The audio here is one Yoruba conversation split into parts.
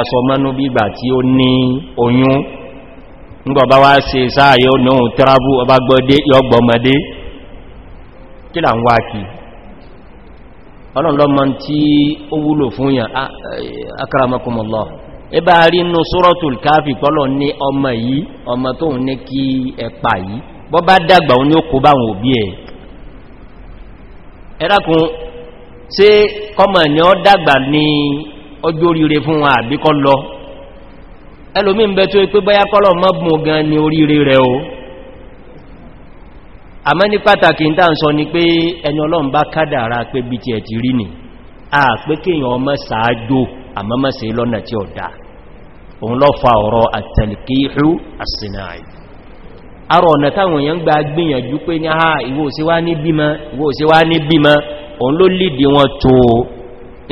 asọmọ́nú bígbà tí ó ní oyún ngbọ̀bá wá se sáàyẹ onáhùn tẹ́rábù ọba gbọ́dé yọgbọ̀mọ́dé kí là ń wá kí ọlọ́lọ́mọ́ tí ó wúlò fún yàn eh, akaramakumọ̀lọ́ ẹbá rí inú sọ́rọ̀tùl káàfì pọ́lọ̀ ní ọmọ yìí ọmọ tó ń ní kí ẹpa yìí bọ́ bá dàgbà ó ní ó ọ dàgbà ní ọjọ́ oríire fún wọn àbíkọ́ lọ ẹlòmí ń bẹ tó pé báyá kọ́lọ̀ mọ́bùn gan ni oríire rẹ̀ o àmọ́ ní pàtàkì ń tàn sọ ni pé ẹni ọlọ́run bá kádàrá pé bí ti ẹ̀ ti rí nì a pé kíyàn ọmọ sàájò àmọ́mọ́sẹ̀ lọ́nà tí ó dá òun lọ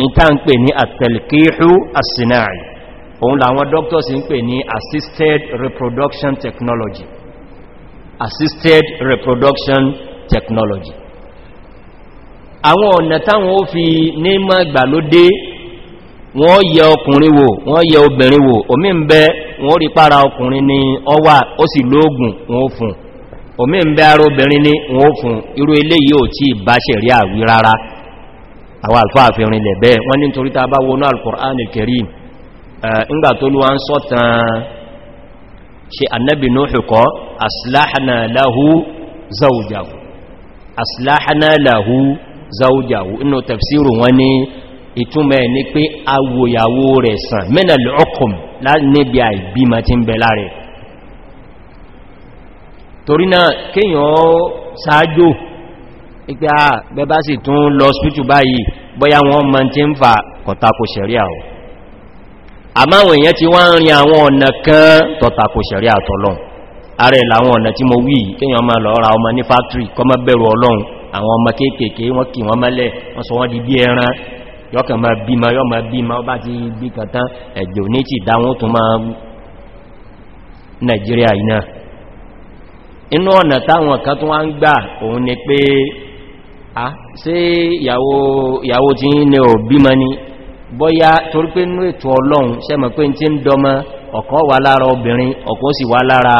ìta ń pè ní àtẹ̀lẹ̀kíhù àsìnáàì òun làwọn doctors ń pè ní assisted reproduction technology assisted reproduction technology àwọn ọ̀nà táwọn ó fi ní mọ́ ìgbàlódé wọ́n yẹ ọkùnrin wò wọ́n yẹ obìnrin wò omi ń bẹ wọ́n rí pára ọkùnrin ni ọ wà ó sì lóògùn wọ́n fún omi ń bẹ ara obìnrin ni wọ́n fún irú eléyìí ò tí ìbáṣẹ̀rí àwí rárá àwọn alfáàfin rinlẹ̀ bẹ́ẹ̀ wọ́n ní torí ta bá wọnú al-Qur'an al-Karim ìgbà tó lúwa ń sọ́tàn ṣe annabi Nuhu kọ́ aslahana lahu zawjahu aslahana lahu zawjahu inú tafsiru wọn ni ìtumẹ̀ ní pé awòyàwó rẹ̀ sàn mẹ́nà lọ́kùn níbi àìbímọ ti ń bẹ láàrẹ̀ torí náà kíyàn ṣáájò ìgbé à bẹba sì tún lọ spítù báyìí bóyá wọn mọ́ tí ń fà kọ̀tàkù sẹ̀ríà ọ̀ àmáwọn èèyàn ti wá ń rin àwọn ọ̀nà kan tọ̀tàkù sẹ̀ríà tọ́lọ́n ààrẹ làwọn ọ̀nà tí mo wí kíyàn di bí ẹran yọ́kàn máa bímọ yọ́ máa bímọ bá ti gbí kàtán ẹ̀jẹ̀ òní ti dáwọn tó máa nàìjíríà inú ọ̀nà táwọn kan tó wá ń gbà òun ni pé Ah, à sí ìyàwó tí ní ò bímọ ní bọ́yá torí pé ní ètò ọlọ́run sẹ́mọ̀ pé tí ń dọmọ ọ̀kan wà lára obìnrin ọ̀kan sì wà lára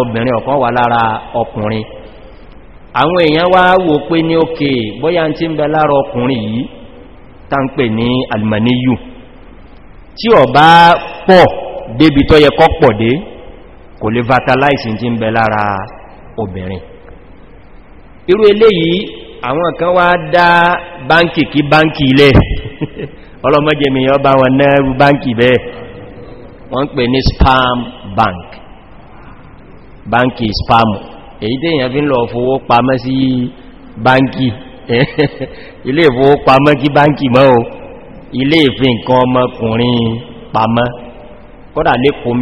obìnrin ọ̀kan wà lára ọkùnrin àwọn èèyàn wá wò pé ní òkè bọ́yá tí ń bẹ lára ọkùnrin yìí tá ń pè ní almaniyu tí ọ bá pọ̀ débi tó yẹ kọ́ pọ̀ dé kò lè vatalize tí ń bẹ lára obìnrin irú eléyìí àwọn kan wá dá báńkì kí báńkì ilẹ̀ ọlọ́mọ́jẹmìyàn bá wọn náírù báńkì bẹ́ẹ̀ wọ́n pè ní spam bank báńkì spam èyí tí èyàn fi ń lọ fowó pamọ́ sí báńkì ilé ìfowó pamọ́ kí báńkì mọ́ o ilé ìfi nǹkan ọmọkùnrin pamọ́ kọ́dà lẹ́kùn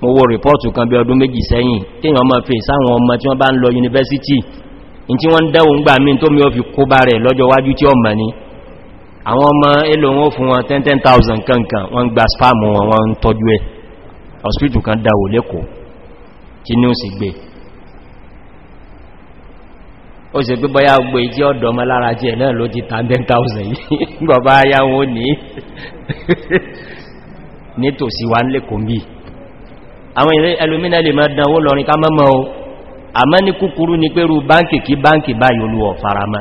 mo wo rìpọ́ọ̀tù kan bí ọdún méjì sẹ́yìn kíyàn ọmọ fi sáwọn ọmọ tí wọ́n bá ń lọ yunifásitì in tí wọ́n ń dẹ́wọ̀n gbà mí tó mi ó fi kó bá rẹ̀ lọ́jọ́ wájú tí ọmọ ní àwọn ọmọ èlò wọn fún wọn 10,000 kankan wọ́n gba spam wọn wọ́n ń tọ́jú ẹ̀ hospital kan dáwò lẹ́kọ̀ọ́ tí àwọn ilé ẹlòmínà lè máa dánwó lọrin ká mọ́mọ́ o àmọ́ ní kúkúrú ni pé rú báǹkì kí báǹkì báyìí olúwọ̀ farama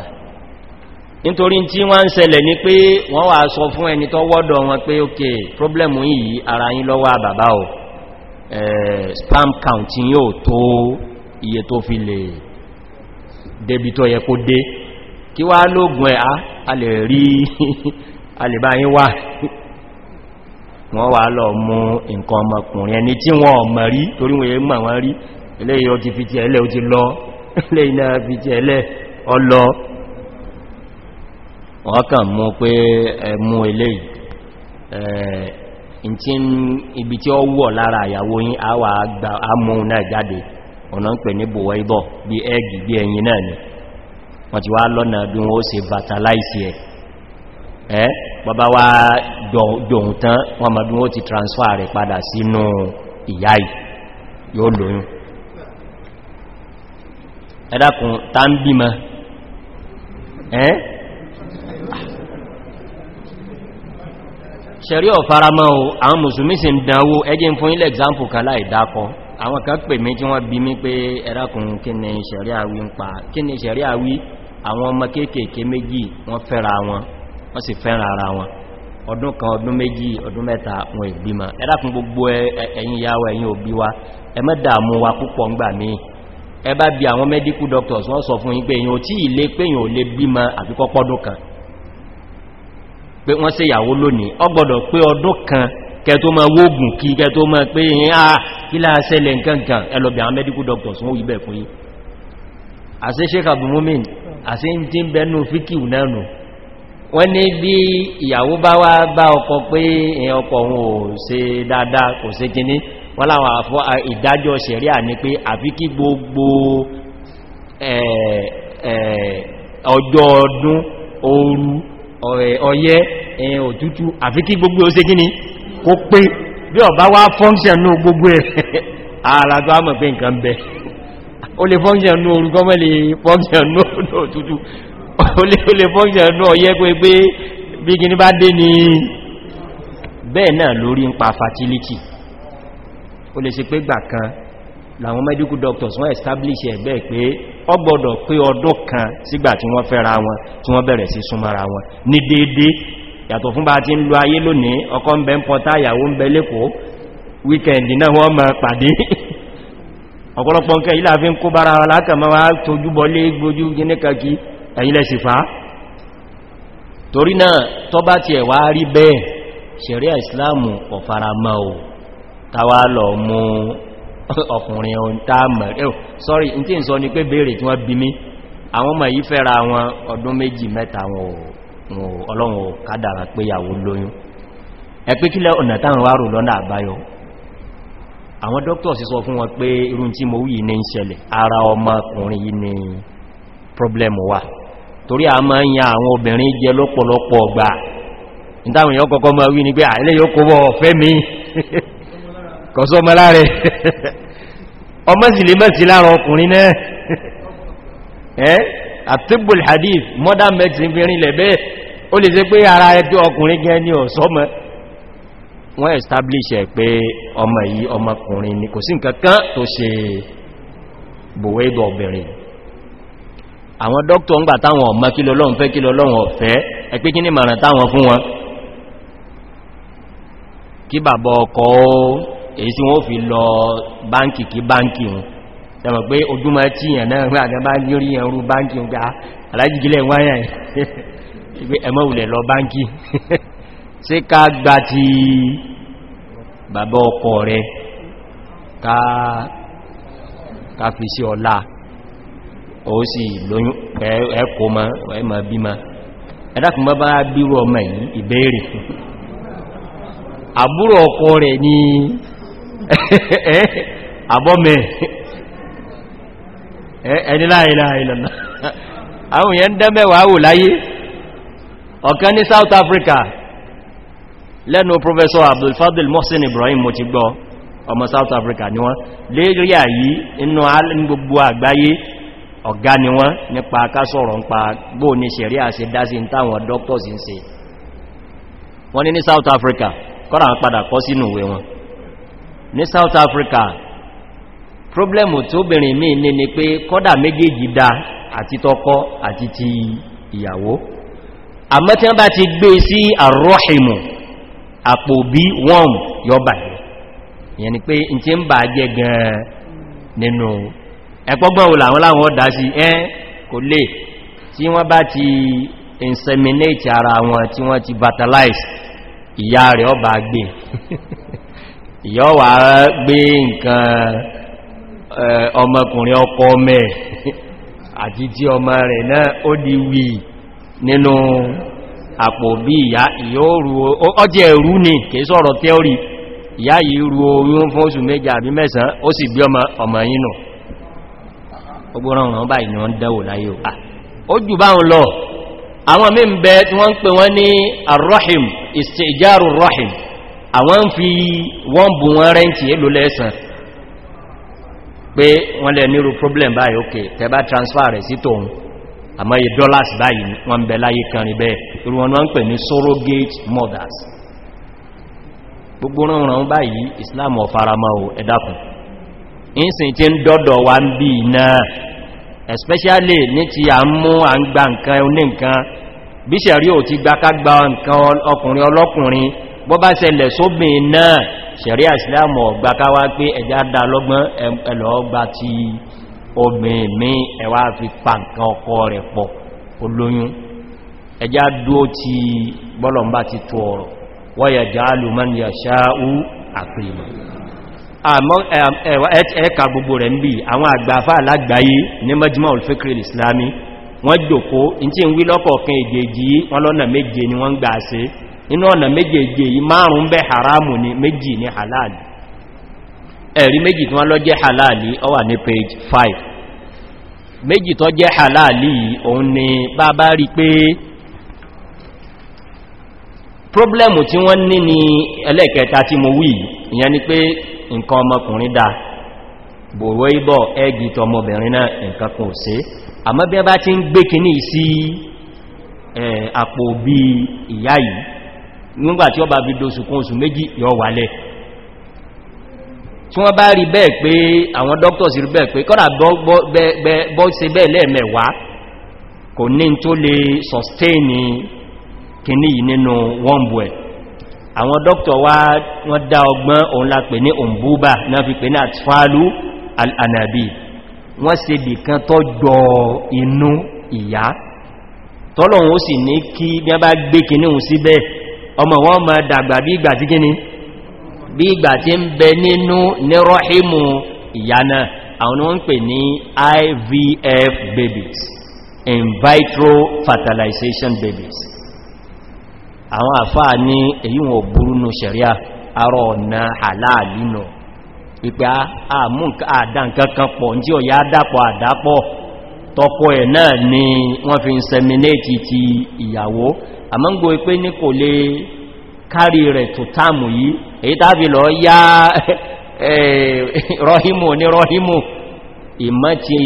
nítorí tí wọ́n ń ṣẹlẹ̀ ní pé wọ́n wà sọ fún ẹni tó wọ́dọ̀ wọn pé ok problem yìí ara yín lọ́wọ́ bàbá o spam count yóò tó iye tó fi lè débi tó yẹ kó dé kí wá lóògùn ẹ̀ ah, a lè rí alìbáyín wà wọ́n wà lọ mú nǹkan ọmọkùnrin ẹni tí wọ́n ọmọ rí torí wọ́n yẹ mọ̀ wọ́n rí eléyìí ó ti fi ti ẹlẹ́ ti lọ eléyìí fi ti ẹlẹ́ ọlọ wọ́n kàn mú pé ẹmú eléyìí ibi tí ó wọ́ lára àyàwó yí a wà ámú náà jáde ọ̀nà ní ibọ̀ bí bí ẹyin náà ni bí wọ́n ó bàbá wá jọun tán wọ́n mọ̀ bí wọ́n ti transfer rẹ̀ padà sínú ìyá yóò lóyún ẹ̀dàkùn ta ń bímọ ẹ́ ṣẹ̀rí ọ̀faramọ́ o àwọn mùsùlùmí sì ń dánwó ẹjẹ́ fún ilẹ̀ example kan láì dákọ àwọn kan pè mí tí wọ́n bí mí pé ẹ̀dàkùn kí ni ṣẹ̀rí àwí ń pa kí ṣẹ̀rí àwí àwọn ọmọ kéèkèé méjì wọ́n fẹ́ra wọn wọ́n sì fẹ́ràn ara wọn ọdún kan ọdún méjì ọdún mẹ́ta wọn ìgbìmà ẹ̀dàkùn gbogbo ẹ̀yin yáwọ ẹ̀yin òbí wa ẹ má dààmú wa púpọ̀ ńgbà mí ẹ bá bí àwọn medical doctors wọ́n sọ fún yín pé èyàn tí ilé pé èyàn ò lè bímọ àfikọ́ pọ́dún kan pé wọ́n ṣe ìyàwó lónìí ọ ń tí ń bẹnu fíkìwù náà nù wọ́n ní bí ìyàwó bá wá bá ọkọ pé èyàn ọkọ òun ò se dáadáa kò se kìíní wọ́n láwọn àfọ́ ìdájọ́ sẹ̀rí à ní pé àfi kí gbogbo ọjọ́ ọdún ooru ọyẹ́ èyàn òtútù àfi kí gbogbo ó se kìíní kó pé bí ọ̀bá wá fọ́nṣẹ̀nú olè fọ́nkṣẹ̀ ẹ̀nú ọyẹ́ pé pé bí gini bá dé ní bẹ́ẹ̀ náà lórí ń pa fertility o lè ṣe pé gbà kan làwọn medical doctors wọ́n establish ẹ̀ bẹ́ẹ̀ pé ọ gbọ́dọ̀ pé ọdún kan sígbà tí wọ́n fẹ́ra wọn tí wọ́n bẹ̀rẹ̀ sí súnmọ́ra wọn ní déédé yàtọ̀ fún bá ti ń lo ayé lónìí ọkọ́ ń bẹ ń pọta ìyàwó ń bẹ lẹ́kọ̀ọ́ wíkẹ̀ndì náà wọ́n mọ̀ pàdé ọ̀pọ̀lọpọ̀ nǹkan ìlàfin kó bára alákàmọ́ wá gbójú gíníkàkí ẹ̀yìnlẹ̀ sì fa torí náà tọ́ bá ti ẹ̀wà rí bẹ́ẹ̀ ṣẹ̀ríà ìsìláàmù ọ̀faramọ́ o tàwà lọ mú ọkùnrin ohun táàmà ẹ̀ sorry n tí n sọ ni pé béèrè tí wọ́n bí mí àwọn ọmọ yìí fẹ́ra wọn ọdún méjì mẹ́ta wọn ọlọ́run ò kádàrà pé yàwó lóyún ẹ pé kílẹ̀ ọ̀nà táwọn wárò lọ́nà àbáyọ àwọn problem wà torí a máa ń ya àwọn obìnrin jẹ lọ́pọ̀lọpọ̀ ọgbà ìtàwọn èèyàn kọ́kọ́ máa wí ní pé àílé yóò kó bọ́ ọ̀fẹ́ mi kọ̀sọ́ mọ́ láre ọmọ sì ọkùnrin náà ẹ́ hadith modern àwọn dókítọ̀ ń gbà táwọn ọmọ kí lọ́lọ́run fẹ́ kí lọ́lọ́run ọ̀fẹ́ ẹ̀pẹ́ kí ní màrán táwọn fún wọn kí bàbá ọkọ̀ ó èyí tí wọ́n fi lọ báńkì kí báńkì wọn tẹ́mọ̀ pé ojúmọ́ tí yàn náà rẹ̀ àgbà lórí ẹ̀rù báńkì ga ah, alájìgílẹ̀ wáyà ẹmọ́ ulẹ̀ lọ báńkì sí ti bàbá ọkọ̀ rẹ̀ ká fi sí ọlá ó sì lóyún ẹ̀kọ́ ma ẹ̀mà bí ma ẹ̀dàkùn bá bá bírò ọmọ yìí ìbéèrè àbúrò ọkọ rẹ̀ ní àbọ́mẹ̀ ẹni láìláìlànà àwọn èèyàn dẹ́mẹ̀wàá wò láyé ọ̀kan ní south africa lẹ́nu professor Abdul Fadil mohsin ibrahim mo ti gbọ́ ọmọ south africa ni wọ́n lè rí àyí inú gbogbo àgbáyé ọ̀gá ni wọ́n nípa akásọ̀rọ̀ ń pa gbóò ní si àṣẹ dásí táwọn doctors ń se ni ní ní south africa kọ́ra ń padà kọ́ wọn Ni south africa problemu tó bìnrin mí ní ni pe kọda méjèèjì dá àti tọ́kọ àti ti ìyàwó àmọ́ ti gbé e sí àrọ́hìmù àpò bí wọ́n yọ bàjẹ́ ìyẹn ni pé n ti ń gan-an ẹ̀pọ́gbọ́n wò làwọn láwọn ọ̀dá sí ẹ́ kò lè tí wọ́n bá ti inseminate ara wọn tí wọ́n ti vitalize ìyá rẹ̀ ọba gbé ìyọ́ wà gbé nǹkan ọmọkùnrin ọkọ mẹ́ àti tí ọmọ rẹ̀ náà ó di wì nínú àpò bí ìyá ìyóòrù ọjẹ́ ẹ̀rú ni kìí sọ̀rọ̀ gbogbo ránràn báyìí ni wọ́n dẹ́wò láyé à ó jù báhùn lọ àwọn mí ń bẹ tí wọ́n ń pè wọ́n ní arrohim istijaru rohim àwọn ń fi wọ́n bù wọ́n rẹ́ǹtì èlò lẹ́sàn pé wọ́n lẹ nírú problem báyìí ok tẹba transfer rẹ̀ sí tóun àmọ́ iye dollars báyìí wọ́n bẹ láyé kan rí bẹ́ẹ̀ irú wọn wọ́n ń pè ní surrogate mothers gbogbo ránràn báyìí islam ọ̀faramọ́ ẹ̀dàkùn ìsìn tí ń dọ́dọ̀ wa ń bí iná especially ní ti à ń mú à ń gba nǹkan oní nǹkan bí sẹ̀rí ò ti gba kágbà nǹkan ọkùnrin ọlọ́kùnrin bọ́ bá sẹlẹ̀ sóbìn náà sẹ̀rí àsìlámù ọ̀gbà káwá pé ẹjá dá lọ́gbọ́n ẹlọ́ọ̀gbà ti obìn mi ẹwà fi pa nǹkan ọkọ rẹ̀ pọ̀ olóyún ẹjá dúó ti bọ́lọ̀mbá ti tó ọ̀rọ̀ wọ́yẹ̀ jáàlù mọ́ ni àṣáà ú àpèèmọ̀ ẹ̀ẹ̀ka gbogbo rẹ̀ ń bí àwọn àgbàfà alágbàáyé ní mẹ́jìmọ̀ olùfẹ́kiri islami wọ́n jòkó in tí ń wí lọ́kọ̀ọ̀kan èdèjì wọn lọ́nà méje ni wọ́n gbà sí inú ọ̀nà méjèèjì yìí márùn-ún bẹ́ haramu ni méjì ní halali ẹ̀rí méjì tí wọ́n lọ jẹ́ halali ọ wà ní page 5 méjì tó jẹ́ halali òun ni bá bá rí pé problemu tí wọ́n ní ni ẹlẹ́ẹ̀kẹta tí mo wí ìyẹn ni pé nǹkan ọmọkùnrin dáa bòrò ibọ̀ ẹgì tọ ọmọbìnrin náà nǹkan kò sí àmọ́ bí a bá ti ń gbé kìíní sí àpò bí ìyá yìí nígbàtí ọba fi dóṣù kún oṣù méjì yọ wálẹ̀ tí wọ́n bá rí bẹ́ẹ̀ pé àwọn doctors rí bẹ́ẹ̀ pé kọ́nà bọ́ se bẹ́ẹ̀ lẹ́ẹ̀mẹ̀wàá kò ní tó lè sustain kìíní yìí nínú wọ́n ẹ̀ àwọn dókítọ̀ wá wọ́n dá ọgbọ́n òun la pè ní òǹbúbà náà fi pè ní àtfàálù al'anabi wọ́n se bì kan tọ́ jọ inú ìyá tọ́lọ̀un ó sì ní kí bí a bá gbé kì níhun síbẹ̀ ọmọ wọn ma dàgbà bí ìgbà tí gíní bí ìgbà tí ń bẹ nínú ní ìyá náà àwọn wọ́n pè ní ivf babies in vitro fertilization babies àwọn àfáà ní èyí wọn burú nù sẹ̀ríà arọ ọ̀nà àláàlì nù pípẹ́ àmú àdánkankan pọ̀ tí ó yá dápọ̀ àdápọ̀ tọpọ ẹ̀ náà ni wọ́n fi ń sẹminéètì ti ìyàwó àmọ́ngbò pé ní kò lè kárí rẹ̀ tó táàmù yìí èyí tàbí lọ yá eh, rọ́hímù ní rọ́hímù ìmọ́ ti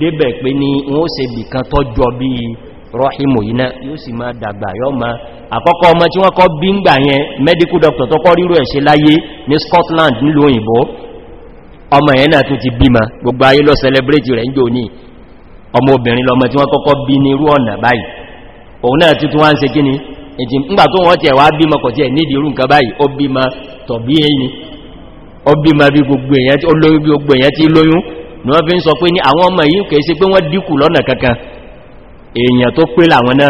débẹ̀ pé ní wọ́n ó se bìkan tọ́jọ bíi rọ́hìmò iná yóò sì máa dàgbà yọ́ ma àkọ́kọ́ ọmọ tí wọ́n kọ́ bí ń gbà yẹn medical doctor tó kọ́ ẹ̀ṣẹ́ láyé ní scotland nílò òyìnbó ọmọ yẹn náà tún ti bímọ gbogbo ayé lọ celebrate rẹ̀ ń jò ní ọmọ obìnrin lọmọ tí wọ́n kọ́kọ́ bí ní irú ọ̀nà se gbogbo èèyàn tó pé làwọn náà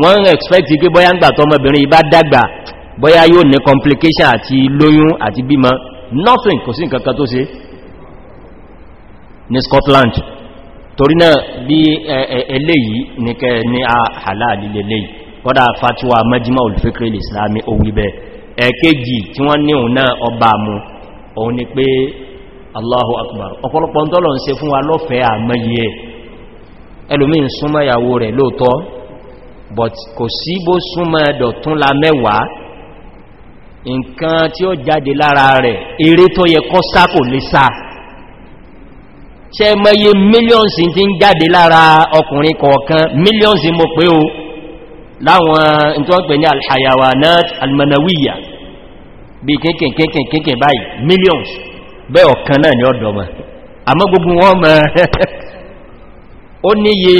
wọ́n ń expect pé bọ́yá ń gbà tọ́ ọmọbìnrin ibá dàgbà bọ́yá yóò ní complication àti lóyún àti bímọ nothing kò sí nǹkankan tó ṣe ní Scotland torí náà bí eléyìí ní kẹ ní a halal kọ́dá fatiwa mẹ́jímọ̀ olùfẹ́kẹ́ islami owí bẹ́ ẹ̀kẹ́jì tí wọ́n ní òun náà ọba mú òun ẹlòmí ń súnmọ́ ìyàwó rẹ̀ lóòtọ́ but kò sí bó súnmọ́ ẹ̀dọ̀tún la mẹ́wàá nǹkan tí ó jáde lára rẹ̀ eré tó yẹ kọ́ sá kò lè sá ṣe mẹ́yẹ millions ti ń jáde lára ọkùnrin kọ̀ọ̀kan millions mo pé o láwọn tó ń pè ní alhayawa náà almanawiya bí kíkìnkìnkìnkìn millions bẹ́ ọ̀kan náà ni ọ̀dọ̀mọ̀ àmọ́ gbogbo wọn ó níye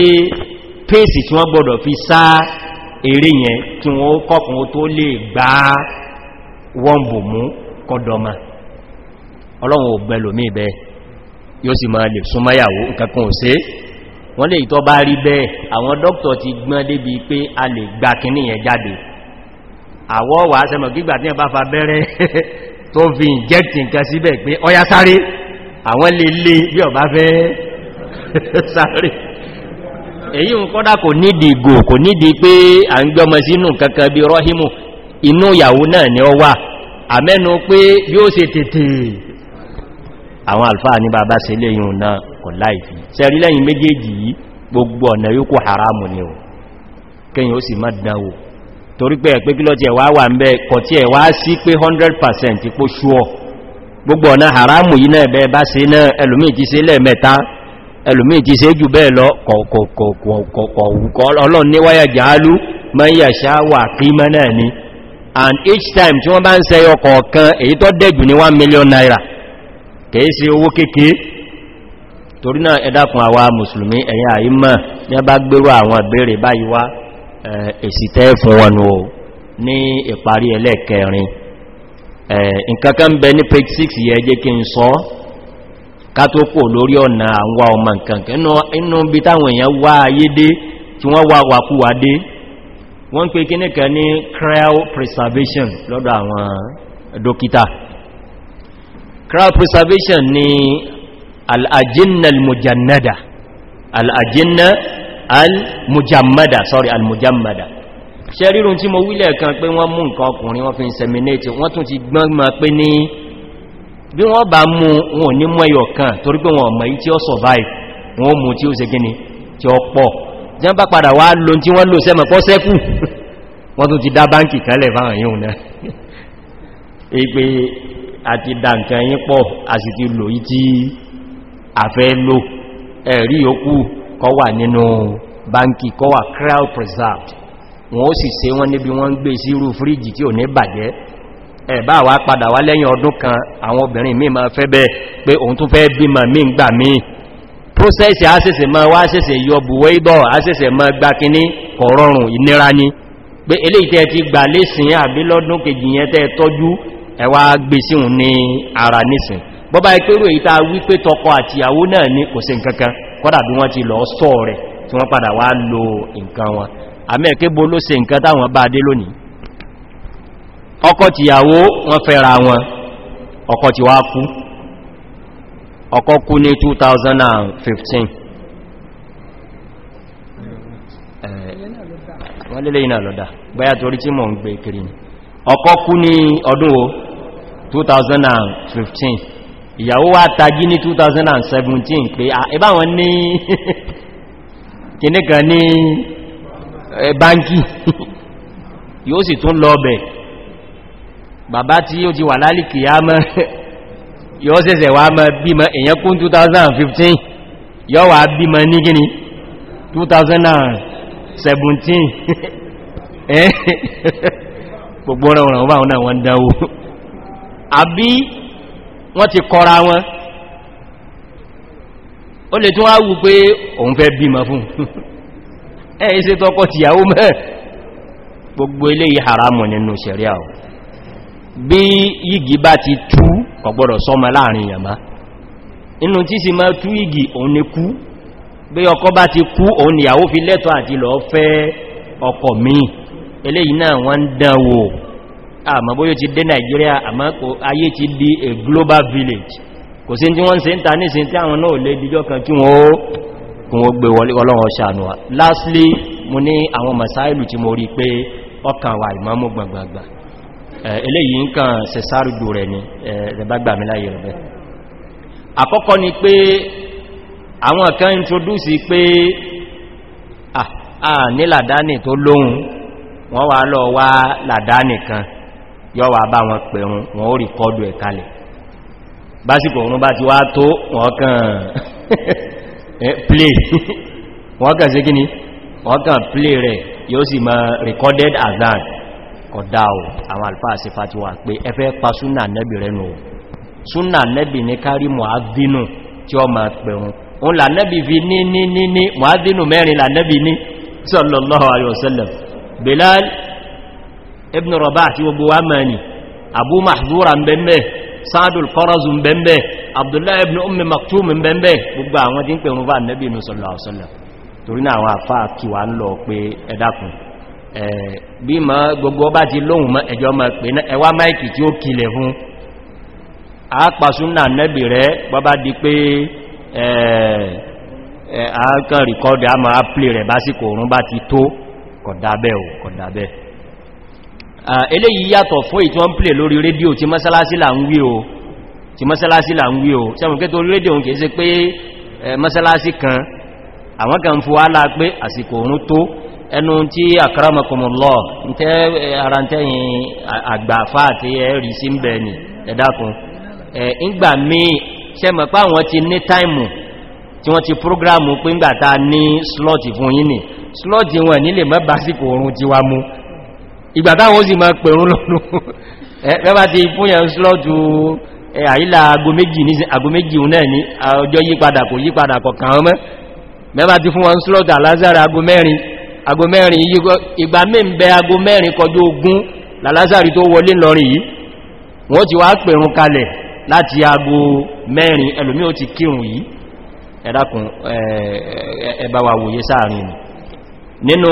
pèsè tí wọ́n gbọ́dọ̀ fi sá eré yẹn kí wọ́n kọkùn tó lè gbá wọ́n bò mú kọdọ̀mà ọlọ́run ògbẹ̀lòmí bẹ́ẹ̀ yóò sì máa lè súnmọ́yàwó nkankan ò sí wọ́n lè ìtọ́ bá rí bẹ́ẹ̀ àwọn dókítọ̀ ti gbọ́n débi pé a lè gba kìíní yẹn jáde àwọ́ wà sẹ́mọ̀ gígbà tí ẹ̀bá fa bẹ́rẹ́ tó fi ìjẹ́kì nǹkan sáré èyí ń kọ́dá kò nídi ìgò kò nídi pé à ń gbọmọ sínú kankan bí rọ́hímù inú ìyàwó náà ni ọ wà àmẹ́nu pé bí ó se tètè àwọn alfáà ní bàbá se léyìn náà kò láìfì sẹ́rí lẹ́yìn méjèèjì yìí gbogbo ọ̀nà yóò kó haramu ni o kíyàn ó sì má dánwò torí pé ẹ̀pẹ́ kí lọ́tí ẹ̀wà wà ń bẹ́ kọ̀ tí ẹ̀wà sí pé 100% ipò ṣúọ̀ gbogbo ọ̀nà haramu yìí náà bẹ́ bá se náà ẹlòmí ti se lẹ́ẹ̀mẹ́ta ẹlùmí ti ṣe jù bẹ́ẹ̀ lọ kọ̀ọ̀kọ̀ọ̀kọ̀ ọlọ́run ní wáyà jàálù mẹ́yà ṣáwà kímẹ́ náà ni and each time tí wọ́n bá ń sẹ́yọ kọ̀ọ̀kan èyí tó million naira kìí sí owó kéèké torí náà ẹ̀dàkùn àwa mùsùlùmí ẹ̀yà àìmọ̀ ní a bá gbérò àwọn ìbéèrè báyìí wá èsì tẹ́ fún wọn o ní ìparí ẹlẹ́ẹ̀kẹrin nǹkankan ká tó kò lórí ọ̀nà àwọn ọmọ nǹkankan inú bí táwọn èèyàn wá ayé dé tí wọ́n wá wàkúwà dé wọ́n pè kíníkà ní cryopreservation lọ́dọ̀ àwọn dókítà cryopreservation ni al'ajinna al-mujannada al'ajinna al-mujammada sorry al-mujammada ṣe rírun tí mo wílẹ̀ kan pé wọ́n mú nǹkan ọkùnrin wọ́n fi inseminate wọ́n tún ti gbọ́n ma pé ní bí wọ́n bá mú wọn ní mọ́ ẹyọ kan torí pé wọn ọmọ yí tí ó survive wọn mú tí ó se gíní tí ó pọ̀ jẹ́ bá padà wá lò tí wọ́n lò sẹ́mọ̀ pọ́ sẹ́kù wọ́n tó ti dá báńkì kanlẹ̀ fáwọn yíò náà èpè àti dàǹkan yí pọ̀ a sì ti lò yí tí a fẹ́ lò ẹ̀rí yókù kọ́ wà nínú báńkì kọ́ wà crowd preserved wọ́n ó sì se wọ́n níbi wọ́n ń gbé sírú fríjì ẹ̀bá wá padà wá lẹ́yìn ọdún kan àwọn obìnrin míì ma fẹ́ bẹ́ pé òun tún fẹ́ bí ma mí gbà mí prọ́sẹ̀sì àṣẹ́sẹ̀ ma wá àṣẹ́sẹ̀ yọ bùwẹ́ ìbọ̀ ma gbá kíní kọ̀rọrùn ìnira ni pé ilé ìtẹ́ ti gbà lẹ́sìn àbí lọ́dún kejì yẹn tẹ́ tọ́jú ẹwà gbèsíhùn ní ara nísìn bọ́bá ìpérò ìta wípé tọkọ àtìyàwó náà ní kò sí nkankan kọ́dà bí wọ́n ti lọ sọ rẹ̀ tí ló se nkan táwọn bá dé lónìí ọkọ tìyàwó wọ́n fẹ́ra wọn ọkọ ti wá kú ọkọ kú ní 2015 wọ́n lélẹ̀ iná lọ́dá báyá torí tí mọ̀ ń gbé kiri ni kú ní ọdún o 2015 ìyàwó wá tají ní 2017 pé ẹbá ní kìníkan ní báńkì yóò sì tún lọ bẹ̀ẹ̀ bàbá tí ó ti wà lálìkì yá mọ́ yóò sẹ́sẹ̀ wá mọ́ bímọ èyàn kún 2015 yóò wà bímọ ní gíní 2017 eh gbogbo ọ̀rọ̀ ọ̀rọ̀ wọn náà wọ́n dánwò àbí wọ́n ti kọra wọn ó lè tún wá wù pé òun fẹ́ bímọ fún ẹ̀ ìṣẹ́ tọ́kọ̀ tìyàwó mẹ́ gbogbo ilé ìhàrámọ̀ nínú sẹ̀ríà ọ̀ bí yìgì bá ti tú kọ̀gbọ́dọ̀ sọmọ láàrin ìyàmá inú tí sì máa tú yìgì òun ni kú bí ọkọ bá ti kú òun nìyàwó fi lẹ́tọ̀ àti lọ fẹ́ ọkọ̀ míì eléyìí náà wọ́n ń dánwò àmọ́ bóyó ti dé nigeria àmọ́ ayé ti di a global village kò sí tí wọ́n se ń ta nísin tí àwọn náà lè díjọ́ kan kí wọ́n kún ó gbé wọlé ọlọ́run ṣàánúwà lastly mo ní àwọn masailu tí mo rí pé ọkàn wà ìmọ́mú gbàgbàgbà Eh, eléyìí nǹkan sẹ̀sáàrùdù rẹ̀ ni eh, ẹ̀bàgbàmíláyé rẹ̀ bẹ́ àkọ́kọ́ ni pé àwọn kan introduce pé à ní làdáni tó lóhun wọ́n wá lọ wá làdáni kan yọ́ wà bá wọn pẹ̀rún wọn ó rí kọ́dù ẹ̀ kalẹ̀ básìkò òun bá ti wá tó wọ́n kàn eh, play wọ́n kàn sí gíní wọ́n kàn play rẹ̀ yóò sì mọ̀ recorded as that kọ̀dá ò àwọn alfáà sí fatiwa pé ẹfẹ́ pa súnà nẹ́bì rẹnu ò súnà nẹ́bì ní kárí mọ̀ádínù tí ó ma pẹ̀rún òun là nẹ́bì fi ní ní ní ní mọ̀ádínù mẹ́rin là nẹ́bì ní sallallahu alaihi wasallam bilal ibn rabah ti gbogbo wa mani abu mahzura ń bẹ́m̀bẹ́ sáàdùl kọ́rọ̀zù ń bẹ́m̀bẹ́ abdullahi ibn ummi maktum ń bẹ́m̀bẹ́ gbogbo àwọn torí náà àwọn àfáà kí wa ń lọ pé ẹdákùn bí ma gbogbo ọba ti lóhun ẹjọ́ ma pè ní ẹwà máìkì tí ó kílẹ̀ fún a pàṣúnà nẹ́bì rẹ̀ bọ́bá di pé àákan rìkọ́dì a máa plé rẹ̀ bá sí kòrún bá ti tó kọ̀dábẹ́ ò kọ̀dábẹ́ eléyìí yàtọ̀ fún ìtọ́ ń plé lórí rédíò tí mọ́sálásí là ń o tí mọ́sálásí là rédíò ń kìí sí pé kan àwọn kan fún wá láà pé ẹnu tí àkàràmọ̀kùnmọ̀lọ́ tẹ́ ara tẹ́yìn àgbàfà àti ẹ̀rì sí ń bẹ̀ ní ẹ̀dàkùn ìgbà míì sẹ́mọ̀ pá wọn ti ní táìmù tí wọ́n ti prógrámù pé ńgbàta ní slọ́tì fún yín ni slọ́tì wọn nílè mọ́ básíkò oorun ti wá mú ìgbàtá wọ́n sì máa pẹ̀rún lọ́nà ẹ̀ẹ́bá ti fúnyẹ̀ slọ́tù àìlà agoméjì náà ní ọjọ́ yípadà kò yípadà kọ̀kan ọmọ mẹ́bá ti fún wọn slọ́tù alázàrà agomẹ́rin ago mẹ́rin ìgbà mẹ́rin bẹ ago mẹ́rin kọjú ogun lálásàrí tó wọlé lọrin yìí wọ́n ti wá pèrún kalẹ̀ láti ago mẹ́rin ẹlòmí ó ti kírùn yìí ẹ̀dàkùn ẹ̀bá wà wòye sáàrin nínú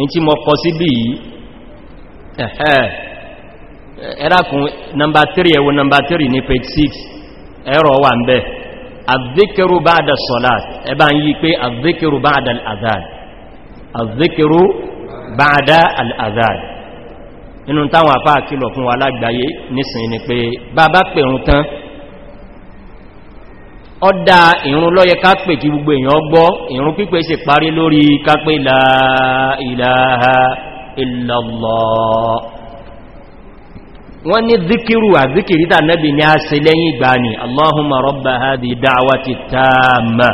in tí mọ kọ sí bí yìí ẹ̀dàkùn page 6 ẹ̀rọ wà ń bẹ́ àdíkẹrù bá àdà sọ́lá ẹbá ń azzikiru ba'da al'adhan inú táwọn àfá àkílọ̀ fún wa lágbàáyé nísìn ni pé bàbá pèrún tán ọdá ìrún lọ́yẹ ká pè kí gbogbo èèyàn gbọ́ ìrún pípẹ́ sì parí lórí kápẹ́ la ilaha illallah wọ́n ní zikiru àzikirita nẹ́bì ní a se lẹ́yìn ìgbà ni allahumma rabba hadi da'awati tamma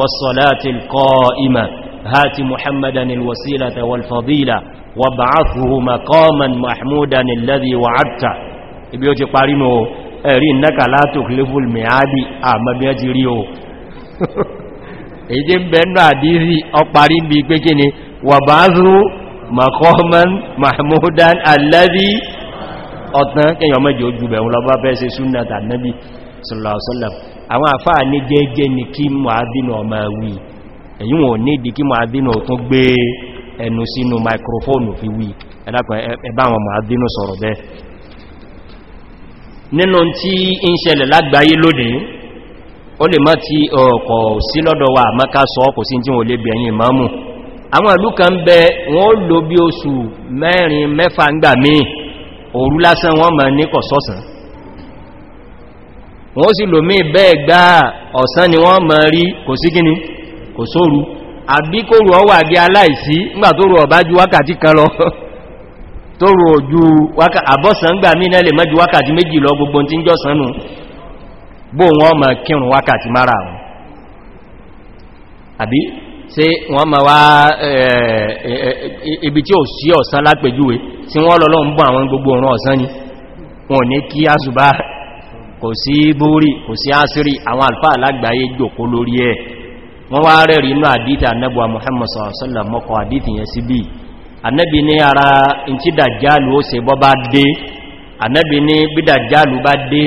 wasalati alqa'ima هات محمدا الوسيلة والفضيلة وابعثه مقاما محمودا الذي وعدته ibi o ti pari mo ẹ̀rí nẹ́kà látòk lébùl mìáàdì àmàbíyàn ti rí o èyí tí ń bẹ̀ẹ́nà àdírí ọparí bí pé kí ni wàbáàzú makoman mahmudan alẹ́rí ọ̀tán kíyàn mẹ́jọ ojú bẹ̀rún lọ bá fẹ́ sí súnnà tàbí sallallahu alaihi wasallam àwọn àfáà ní gẹ́gẹ́ ni kí mọ̀ èyí wọn ní ìdí kí mọ̀ádínà tó gbé ẹnu sínú maikrofóònù fi wí ẹ̀dàkùn ẹbá wọn mọ̀ádínà sọ̀rọ̀ bẹ́ nínú tí ń ṣẹlẹ̀ lágbàáyé lónìí ó lè mọ́ ti ọ̀pọ̀ sí lọ́dọ̀ wa mọ́ká sọ kò sí tí wọ́n lè bẹ̀ yìn mọ́mù àwọn ìlú kan bẹ wọ́n lò bí oṣù mẹ́rin mẹ́fà ń gbà míì òru lásán wọ́n mọ̀ ní kọ̀sọ́sàn wọ́n sì lò míì bẹ́ẹ̀ gbá ọ̀sán ni wọ́n mọ̀ rí kò sí gíní kò sóòrù àbí kó rù ọwà bí aláìsí ńgbà tó rù ọ̀bá ju wákàtí kan lọ tó rù ojú àbọ́sàn gbà mínà lè mẹ́jú wákàtí méjì lọ gbogbo tí ń jọ́sàn nù bó wọn ma kírùn wákàtí mara wọn àbí tí wọ́n ma wá ibi tí ó sí ọ̀sán lápẹjúwe tí wọ́n lọ́lọ́ ń bọ́ àwọn gbogbo ọ̀rán ọ̀sán kò sí bórí kò sí àṣírí àwọn alfáà lágbàáyé jòkó lórí ẹ̀ wọ́n wá rẹ̀ rí inú àdíta annabuwa muhammad sallallahu mọ́kọ̀ àdíta yẹn sí bí annabi ní ara in ti dàjálù ó se bọ́ bá dé annabi ní bí dàjálù bá dé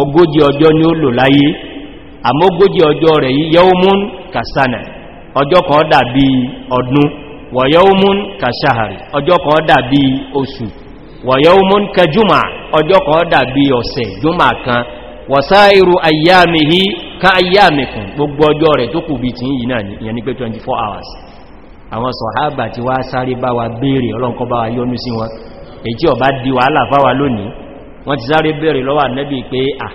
ogójì ọjọ́ ni ó lò láyé àmógójì ọjọ́ rẹ̀ yí yẹ́ọ́mún kàsánà ọjọ́ kan dàbí ọdún wọ̀yẹ́ọ́mún kàṣàhàrì ọjọ́ kan dàbí oṣù wọ̀yẹ́ọ́mún kẹjúmà ọjọ́ kan dàbí ọ̀sẹ̀ júmà kan wọ̀sáìrù ayyámihi ká ayé àmẹ́kùn gbogbo ọjọ́ rẹ̀ tó kù bí ti yìí náà ìyẹn ní pé 24 hours àwọn sọ̀hábà ti wá sáré bá wa béèrè ọlọ́nkọ́ bá wa yọ́nú sí wọn èyí ọba di wàhálà fáwa lónìí wọ́n ti sáré béèrè lọ́wà nẹ́bí pé à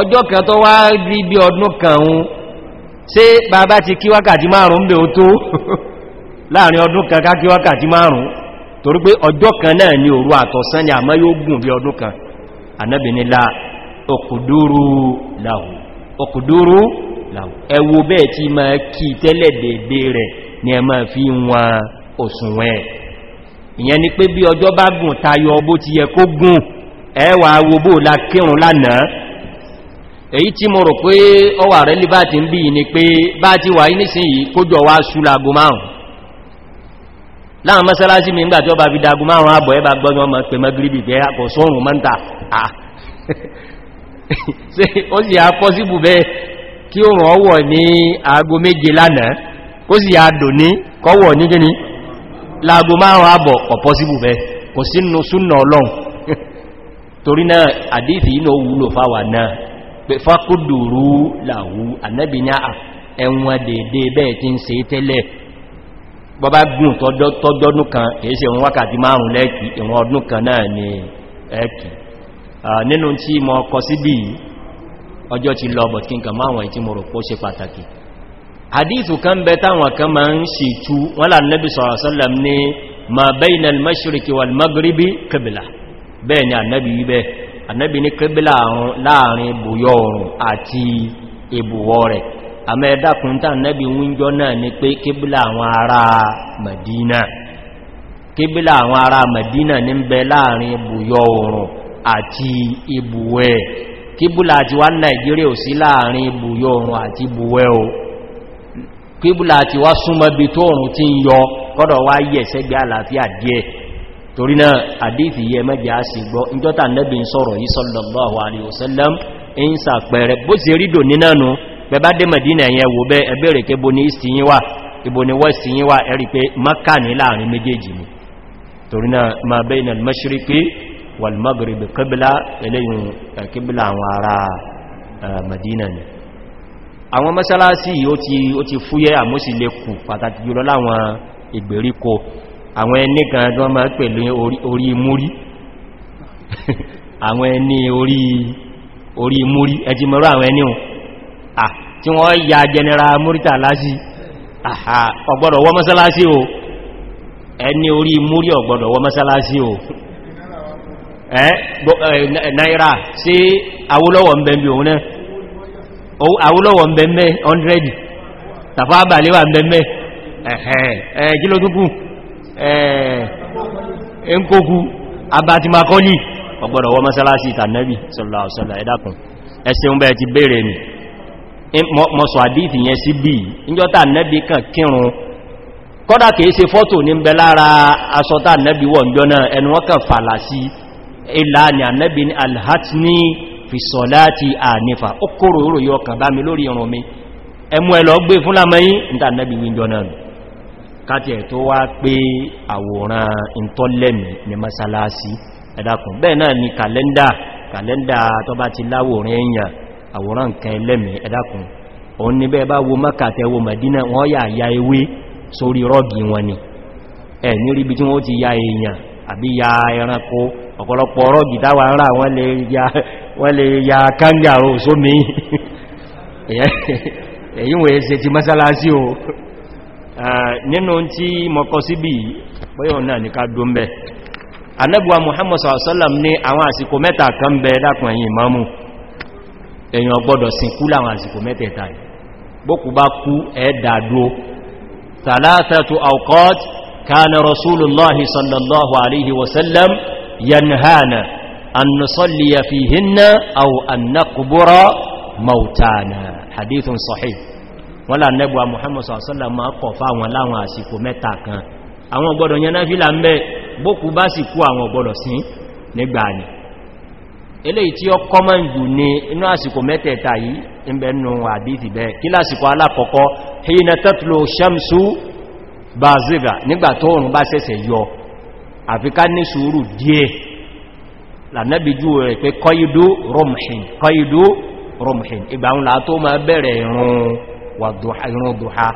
ọjọ́ kan tó wá rí bí ọdún kan un ṣe bàbá ti kí wákàtí márùn-ún bẹ̀ ó tó láàrin ọdún kan ká kí wákàtí márùn-ún torí pé ọjọ́ kan náà ni òru àtọ̀sán ni àmọ́ yóò gùn bí ọdún kan ànẹ́bìnilá okùdúrú láhùn ọkùdóró ẹwọ bẹ́ẹ̀ tí ma kí tẹ́lẹ̀ dèdè rẹ̀ ni ẹ ma fi wọn òsùnwẹ̀ ìyẹn ni pé bí ọjọ́ bá gùn tayọ bó ti yẹ kó gùn ẹwà awogbó la kírùn lánàá èyí tí mo rò pé ọwà rẹ̀ lè bá ti ń bí ni pé bá ti wà nísìnyí kójọ wá súlago márùn láwọn mọ́sálásí mi ńgbà tí fi dagun márùn-ún àbọ̀ ẹbà gbọ́gbọ́n mọ́ pẹ̀mọ́ gíríbì pé àkọ̀sọ́rùn mọ́ta ó sì yà pọ́síbù bẹ́ kí ó rán ọwọ̀ ní aago méje lánàá kó sì yà dò ní kọwọ̀ ní gíní láago márùn-ún àbọ̀ kọ̀ pọ́síbù bẹ́ kò sínú súnà ọlọ́run torí náà àdífì inú wúlò fáwà náà pé fákúdùrú làwú ànẹ́bì ní ẹ̀wọ̀n dèdè bẹ́ẹ̀ tí ń se tẹ́lẹ̀ ni ẹ̀kì nínú tí mo kọ sí bí ọjọ́ ti lọ bọ̀ kíǹkan máwọn ìtí mo rò pó ṣe pàtàkì hadithu kan bẹ táwọn kan ma ń ṣe tú wọ́n là nẹ́bí sọ̀rọ̀sọ́lẹ̀m ní ma bẹ́yìn al-mashiriki wal magribi kibla bẹ́ẹ̀ ni annabi wíbẹ́ annabi ní kibla láàrin ibùyọ oòrùn àti ibùwọ̀ àwọn ará madina kibla àwọn madina ní ń bẹ láàrin ibùyọ oòrùn àti ibùwẹ̀ kíbùlà àti wá nàìjíríà ò sí láàrin ibùyọ oòrùn àti ibùwẹ̀ o kíbùlà àti wá súnmọ́ bí tó oòrùn ti ń yọ kọ́dọ̀ wá yẹ̀ sẹ́gbẹ́ àlàáfíà díẹ̀ torí náà àdífì yẹ mẹ́jẹ́ á sì gbọ́ ìjọta nẹ́bí ń sọ̀rọ̀ yí sọ́lọ̀lọ́wọ́ àríwọ̀sẹ́lẹ́m ń sàpẹẹrẹ bó sì rídò nínà nù bẹbá dé mẹ̀dínà ẹ̀yẹn wò bẹ́ ẹbẹ̀rẹ̀ torí náà ma bẹ́ ìnà mẹ́ṣírí pé والمغرب قبلة eléyìn kíbílá àwọn ará madina ni àwọn masalasi ó ti fúyẹ́ àmúsí lè kù pàtàkì jùlọ láwọn ìgbèríko àwọn ẹni kan tó máa pẹ̀lú orí múrí àwọn ẹni orí múrí ẹjí mọ́rọ àwọn ẹni ah tí wọ́n ya general múrítà lásì ọgbọ̀dọ̀ wọ́n masalasi o ẹni orí múrí ọgbọ̀dọ̀ wọ́n o Eh, eh, náírà sí awólọ́wọ̀ ń bẹ̀m̀bẹ̀ òun náà awólọ́wọ̀ ń bẹ̀m̀bẹ̀ 100 tàfà àbàlẹ́wà ń bẹ̀m̀bẹ̀ ẹ̀ẹ̀ eh, kí ló túnkù ẹ̀ẹ̀ ń kókù abati makọ́lì ọgbọ̀dọ̀ wọ masalasi ìtànẹ́bì sọ́lọ́sọ́lá ẹ̀dàkùn mi mọ́sọ̀ àdífì yẹn sí bí ìjọta nẹ́bì kan kírun kọ́dà kìí se fọ́tò ní bẹ lára asọ́ta nẹ́bì wọ́n jọ náà ẹnu wọ́n ìlànà ànẹ́bì ní alhatni fi sọ láti ànífà ó kóró yọ mi lórí ìrùn mi ẹmú ẹlọ gbé fún lámẹ́yí níta ànẹ́bì wíjọ náà káti ẹ̀ tó wá pé àwòrán ìntọ́lẹ̀mì ní masalasi ẹ̀dàkùn bẹ́ẹ̀ náà ni kàlẹ́ndà kàlẹ́ndà tó bá ti láwòrán èèyàn àbí ya ẹranko ọ̀pọ̀lọpọ̀ ọ̀rọ̀ gìdá wà rà wọ́n lè ya kángàrò sómi èyí wọ́n èsè ti mọ́sálásí o nínú tí mọ́kọ síbì pẹ́yọ̀ náà ní ká dúnbẹ̀ anẹ́bùwa muhammad sallam ní àwọn àsìkò mẹ́ta kan bẹ dákùn ẹ̀yìn imamu èyàn gbọ́dọ̀ sìnkú láwọn àsìkò mẹ́tẹ̀ẹ̀ta gbókù bá kú ẹ̀ẹ́dàdó tàlátàtù alkọ́t kánà rasulullahi sallallahu alaihi wasallam yanhana an nusalliya fihinna aw an naqbura mautana hadithun sahih wọ́n lá nẹ́gbà muhammad sọ̀sọ́lá ma kọ̀ fáwọn láwọn àsìkò mẹ́ta kan àwọn ọgbọ́dọ̀ yẹn náà fílà mẹ́ bókù bá sì kú àwọn ọgbọ́dọ̀ sí nígbà ní eléyìí tí ó kọ́mọ̀ jù ní inú àsìkò mẹ́tẹ̀ẹ̀ta yìí ń bẹ nù àfi ká ní sùúrù díẹ̀ lànẹ́bìjú rẹ̀ pé kọ́ìdó romhin kọ́ìdó romhin ìgbàun látó ma bẹ̀rẹ̀ ìrùn wàdùhá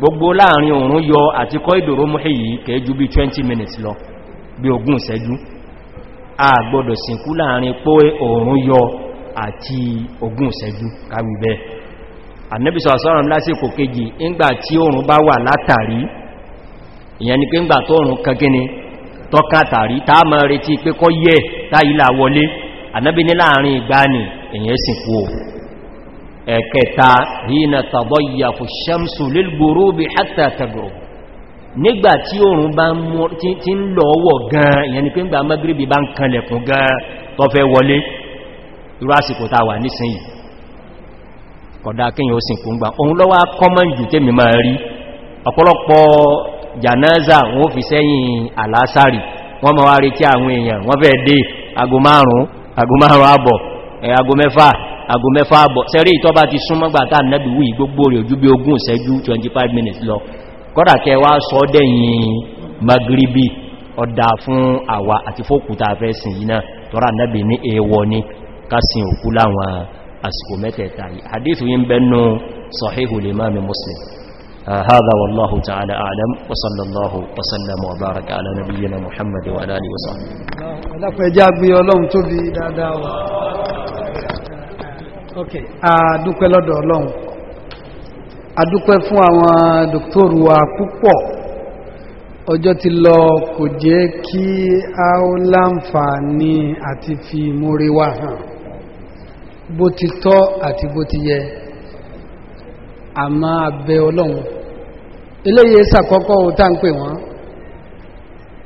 gbogbo láàrin òun yọ àti kọ́ìdó romhin yìí kẹjú bí 20 minutes lọ bí ogún ìṣẹ́jú a gbọdọ̀ sìnkú láàrin pó òun yọ àti ogún ìṣẹ́jú káwì bẹ́ẹ̀ ànẹ́bìsọ̀ sọ́rọ̀ lásìkò kejì ńgbà tí òun bá wà látàrí ìyẹn ni pé ńgbà tó òun kankini tọ́kàtàrí táà mọ́ retí pé kọ́ yẹ táìlà wọlé ànábí ní láàrin ìgbáni èyàn sì kú o ẹ̀kẹta hìna tàbọ̀ ìyàfò ṣẹ́msù lílgbòrò bí hátà tàbọ̀ nígbà tí oòrùn bá ti ń lọ ọwọ̀ gan ìyẹn ni pé ń gbà mẹ́gíríbì bá ń kanlẹ̀kùn kíyàn ó sìnkú ń gbà ohun lọ́wọ́ kọ́mọ̀ jù tẹ́mì máa rí ọ̀pọ̀lọpọ̀ janaza wọ́n fi sẹ́yìn alásàrì wọ́n ma wá rí tí àwọn èèyàn wọ́n fẹ́ dé ago márùn-ún ago márùn-ún àbọ̀ ago mẹ́fà àbọ̀ sẹ́rí ìtọ́ bá ti súnmọ́gbàtà nẹ́bìwú ìgbógbò rẹ̀ ojú bí ogún ìṣẹ́jú 25 minutes lọ kọ́dà kẹwàá sọ dẹ̀yìn magribi ọ̀dà fún àwà àti fókúta fẹ́ sìn yìí náà tọ́rà nẹ́bì ní èèwọ̀ ní kásìn òkú láwọn muslim هذا والله تعالى أعلم وصلى الله وسلم وبارك على نبينا محمد وعلى آله وصحبه Okay, adúpẹ́ lọ́dọ̀ Ọlọ́run. Adúpẹ́ fún àwọn dòktóru wa púpọ̀. Ọjọ́ ti lọ kò jẹ́ kí a ó láǹfààní àti fi múrí wá hàn. Bó ti tọ́ àti bó ti yẹ. Àmá abẹ́ Ọlọ́run eléyìí sàkọ́kọ́ o tá ń pè wọ́n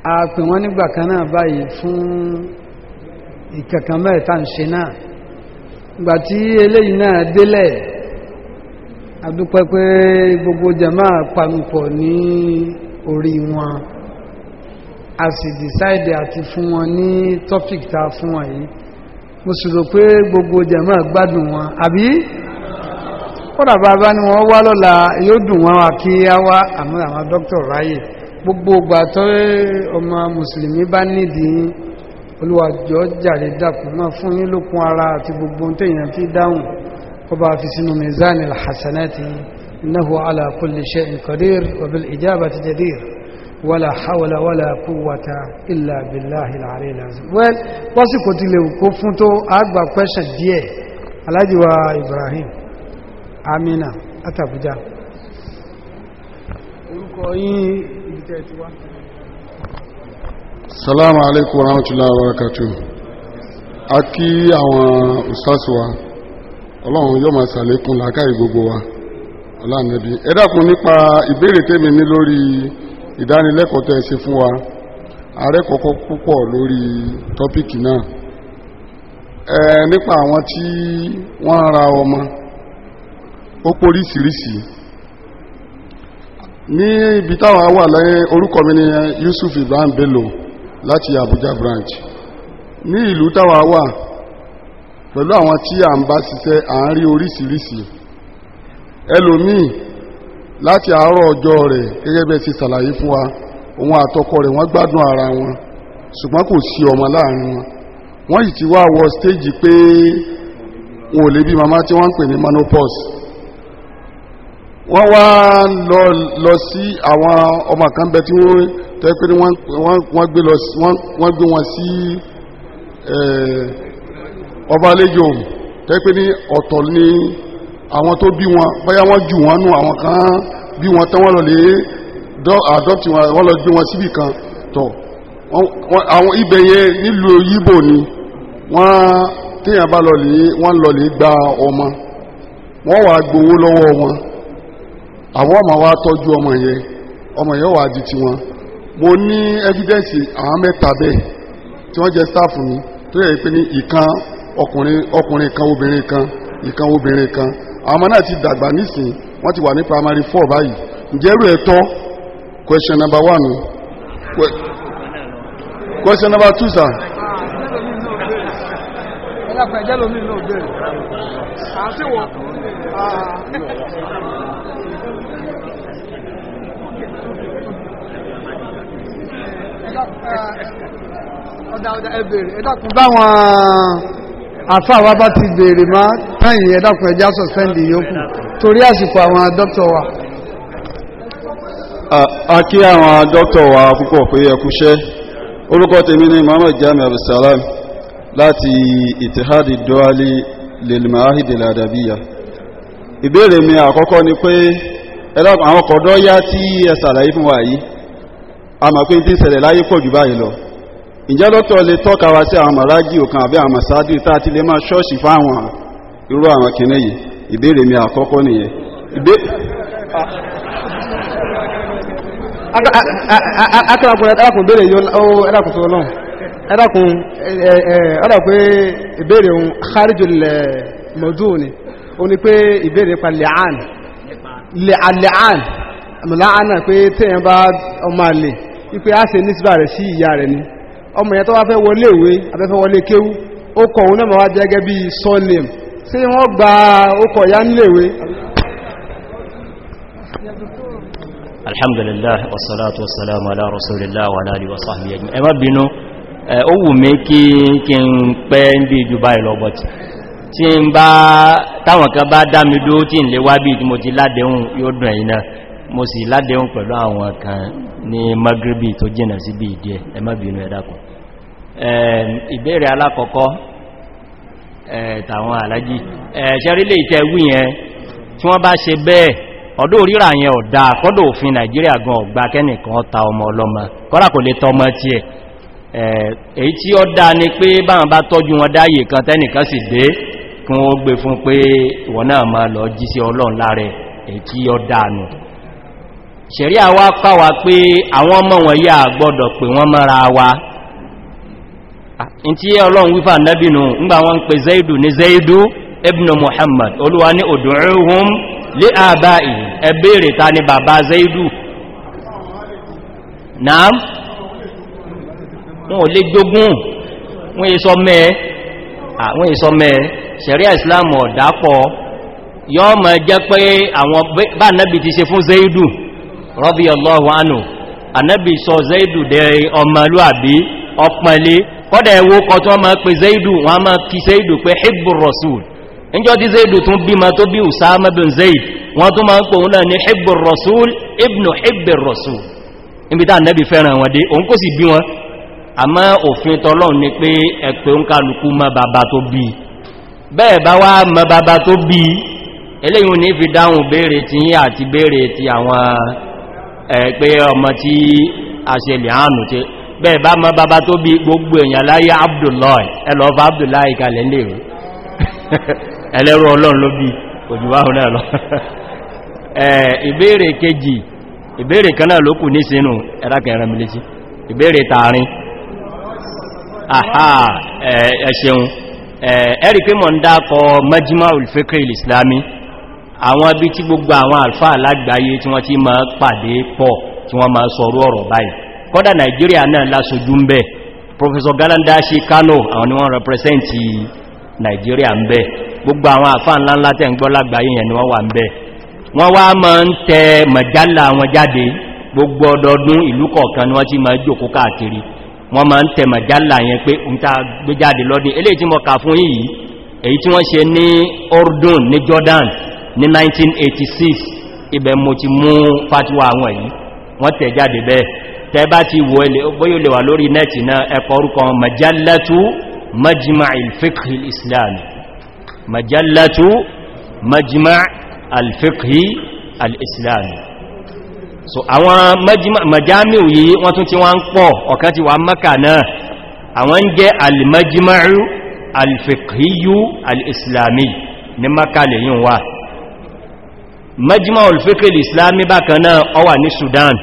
a pè wọ́n nígbà kan náà báyìí fún ìkẹ̀kàn mẹ́ẹ̀ tá ń ṣe náà ìgbà tí eléyìí náà délẹ̀ adúpẹ́ pé gbogbo jàmá panupọ̀ ní orí wọn a sì dìsáìdì àti fún wọn ní topic tá a fún wọn yìí mo sì rò pé gbogbo jàmá gbádùn wọn àbí kọ́dà bàbá ni wọ́n wá lọ́la yóò dùn wọn wà kí á wá àmọ́ àwọn dókítà ráyè gbogbo ìgbà tó ọmọ mùsùlùmí bá nídìí olùwàjọ́ jàre dàkún náà fún yín lókun ara àti gbogbo téèyàn fi dáhùn ọba fi sínú mizan alhassanati innahu ala kulli shay'in qadir wa bil ijabati jadir wala hawla wala quwwata illa billahi al-aliyyil well wọ́n sì kò tilẹ̀ kó fún tó àgbà question díẹ̀ alájíwá Ibrahim amina Atabuja. orúkọ ti wá salamu alaikun warahmatullahi wabarakatuh a kí àwọn ustasuwa ọlọ́run yóò máa sàlékún làákàyè gbogbo wa ọlánàbí ẹ nípa ìbéèrè tèmi ní lórí ìdánilẹ́kọ̀ọ́ tẹ́ ṣe fún wa ààrẹ kọ́kọ́ púpọ̀ lórí tọ́píkì náà nípa àwọn ó póríṣiríṣi ní ibi táwọn wà lẹ́yìn orúkọ mi ni Yusuf Ibrahim Bello láti Abuja branch ní ìlú táwọn wà pẹ̀lú àwọn tí a ń bá ṣiṣẹ́ à ń rí oríṣiríṣi ẹlòmíì láti àárọ̀ ọjọ́ rẹ̀ gẹ́gẹ́ bẹ́ẹ̀ ti ṣàlàyé fún wa òun àtọkọ rẹ̀ wọ́n gbádùn ara wọn ṣùgbọ́n kò sí ọmọ láàrin wọn wọ́n yìí ti wá wọ stéèjì pé wọn ò lè bí màmá tí wọ́n ń pè ní manopause wọ́n wá lọ lọ sí àwọn ọmọ kan bẹ tí wọ́n tẹ́ pé wọ́n gbé wọn sí eh, ọba àlejò tẹ́ pé ní ọ̀tọ̀ ni àwọn tó bí wọn bóyá wọ́n jù wọ́n nù àwọn kan bí wọn tẹ́ wọ́n lọ lè àdọ́tì wọn wọ́n lọ gbé wọn síbì kan tọ̀ àwọn ibẹ̀ yẹn nílùú yíbò ni wọ́n téèyàn bá lọ lè wọ́n lọ lè gba ọmọ wọ́n wàá gbowó lọ́wọ́ wọn. àwọn ọmọ wa tọ́jú ọmọ yẹn ọmọ yẹn wà á di tiwọn mo ní evidence àwọn mẹ́ta bẹ́ẹ̀ tí wọ́n jẹ́ staff mi tó yẹ pé ní ìkan ọkùnrin ọkùnrin kan obìnrin kan ìkan obìnrin kan àwọn ọmọ náà ti dàgbà nísìnyí wọ́n ti wà ní primary four báyìí ǹjẹ́ rú ẹ̀ tọ́ question number one question number two sir. ẹ jẹ́ lómi náà bẹ̀rẹ̀ àti wọ́n. ọ̀dà ọ̀dà báwọn bá ti bèrè ma táyìn ẹ dákun sọ̀sẹ́ndì yòókù torí àsìkò àwọn dókítọ̀ wa. a kí àwọn dókítọ̀ wa púpọ̀ pé ẹ orúkọ tèmi ni Muhammad Jami láti ìbéèrè mi àkọ́kọ́ ni pé àwọn yá tí ẹ fún wa a mọ̀ pé tí ń ṣẹlẹ̀ láyé pọ̀ jù báyìí lọ ìjẹ́ lọ́tọ̀ lè tọ́ka wa sí àwọn màrájì òkan àbí àwọn màsáájú tá a ti lè máa ṣọ́ọ̀ṣì fáwọn irú àwọn kìnnì yìí ìbéèrè mi àkọ́kọ́ nìyẹn akẹ́lẹ́kùn ẹ̀dàkùn béèrè yóò ẹ̀dàkùn sọ náà ẹ̀dàkùn ẹ̀dàkùn pé ìbéèrè ohun kárìjò lẹ̀ mọ̀dún ni o ni pé ìbéèrè pa lẹ́àn láàánà pé téèyàn bá ọmọ àlè wípé a ṣe nísìbà rẹ̀ sí ìyá rẹ̀ ni ọmọ yẹn tó wá fẹ́ wọlé ìwé abẹ́fẹ́ wọlé kéwú ó kọ̀ òun náà wá jẹ́gẹ́ bí surname ṣé wọ́n gba ókọ̀ ya níléèwé tí ń bá táwọn kan bá dámi tí ń lè wá bí tí ti ládẹ̀hùn yóò dùn ẹ̀yìn náà mo sì ládéhùn pẹ̀lú àwọn kan ní magribi tó jìnà sí bí ìdí ẹ má bínú ẹ dákun ìbéèrè alákọ̀ọ́kọ́ tàwọn alájí ṣẹ́rílẹ̀ ìtẹ́ wí yẹn tí wọ́n bá ṣe bẹ́ẹ̀ ọdún ríra yẹn ọ̀dá kọ́dọ̀ òfin nàìjíríà gan kẹ́nìkan ta ọmọ ọlọ́mọ kọ́rà kò lè ọmọ tí ẹ èyí tí ó dá ni pé báwọn bá tọ́jú wọn kan tẹ́nìkan sì dé kí wọ́n gbé fún pé náà máa lọ jí ṣẹ̀rí àwá pàwà pé àwọn ọmọ wọn yà gbọ́dọ̀ pè wọ́n mọ́ra wa in tí ọlọ́run wífà nẹ́bìnú ńgbà wọn pè zaidu ní zaidu ibn muhammad olúwa ní òdòrúhun lé àbá ẹbẹ̀rẹ̀ ta ni bàbá zaidu náà wọn ò lè gbógún wọ́n yí sọ mẹ́ ṣẹ̀rí islam ọ̀dápọ̀ yọ́ mọ̀ jẹ́ pé àwọn bá nẹ́bì ti ṣe fún zaidu radiyallahu anhu anábì sọ zaidu dẹ ọmọlúàbí ọpẹlẹ kọ́dẹ̀ ẹwó kọ tó ma pè zaidu wọ́n ma kí zaidu pé hibbu rasul níjọ́ tí zaidu tún bímọ tó bí usama bin zaid wọ́n tó ma ń pò náà ní hibbu rasul ibnu hibbu rasul níbi tá anábì fẹ́ràn wọn dé òun kó sì bí wọn àmá òfin tọ́lọ́un ni pé ẹ̀pẹ̀ eléyìn ní fi dáhùn béèrè tí yí àti béèrè ti àwọn pé ọmọ tí a ṣe lè hànù tí bẹ́ẹ̀ bá mọ́ bàbá tó bí gbogbo èèyàn láyé abdullahi ẹlọ́fà abdullahi kalẹ̀ lè rí ẹlẹ́rọ ọlọ́run ló bí òjúwá ọ̀nà lọ ìbéèrè kejì àwọn ibi tí gbogbo àwọn alfa alágbàáyé tí wọ́n ti ma pàdé pọ̀ tí wọ́n ma sọ̀rọ̀ ọ̀rọ̀ báyìí kọ́dà nigeria náà lásojú ń bẹ́ professor galandashi kano àwọn ni wọ́n nigeria ń bẹ́ gbogbo àwọn àfá ńláńlá tẹ́ ń gbọ́ lágbàáyé yẹn ni wọ́n wà ń bẹ́ wọ́n wá ma ń tẹ mọ̀jálà wọn jáde gbogbo ọdọọdún ìlú kọ̀ọ̀kan ni wọ́n ordun ní ní 1986 ibẹ̀ mo ti mú fatiwa àwọn yìí wọ́n tẹ̀ jáde bẹ́ẹ̀ tẹ́ bá ti wò ẹlẹ́ bóyó lè wà lórí nẹ́ẹ̀tì náà ẹ̀kọ́ orúkọ majallatu majima alfikhi islami majallatu majima alfikhi alislami so àwọn majamiu yìí wọ́n tún ti wọ́n ń pọ̀ ọ̀kan ti wà maka náà àwọn ń jẹ́ almajimaru alfikhiyu alislami ní maka lè yìn wà majima olfikil islami bákan náà ọ wà ní sudan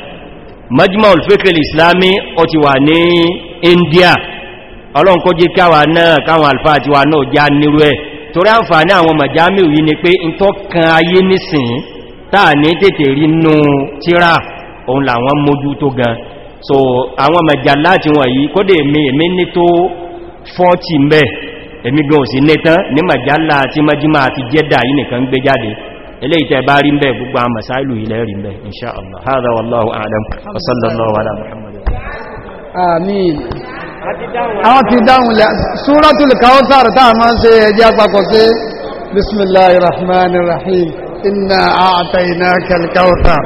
majima olfikil islami ọ ti wà ní india ọlọ́nkó jẹ́ káwà náà káwọn alfa àti wà náà já nírú ẹ̀ torí àǹfàní àwọn majamiu yìí ni pé in tó kan ayé nísìn táà ní tètè rí nú tíra òun làwọn mójú tó gan so àwọn mẹjà láti wọ̀n yìí kó dè mi èmi ní tó 40 mẹ́ èmi gan òsì nẹ́tán ní mẹjà láti mẹ́jímá àti jẹ́dà yìí nìkan gbé jáde ilé ìtẹ̀ bá rí ń bẹ́ gbogbo a masáìlú ilẹ̀ rí ń bẹ́ inṣá allah haza wallahu alam wa sallallahu ala muhammadu amin àwọn ti dáhùn lẹ́ ṣúrọ́tùl kawusar ta ma ń se ẹjẹ́ àpapọ̀ sí bismillahir rahmanir rahim inna a'tainaka al-kawthar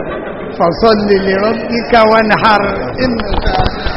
fasalli li rabbika wanhar inna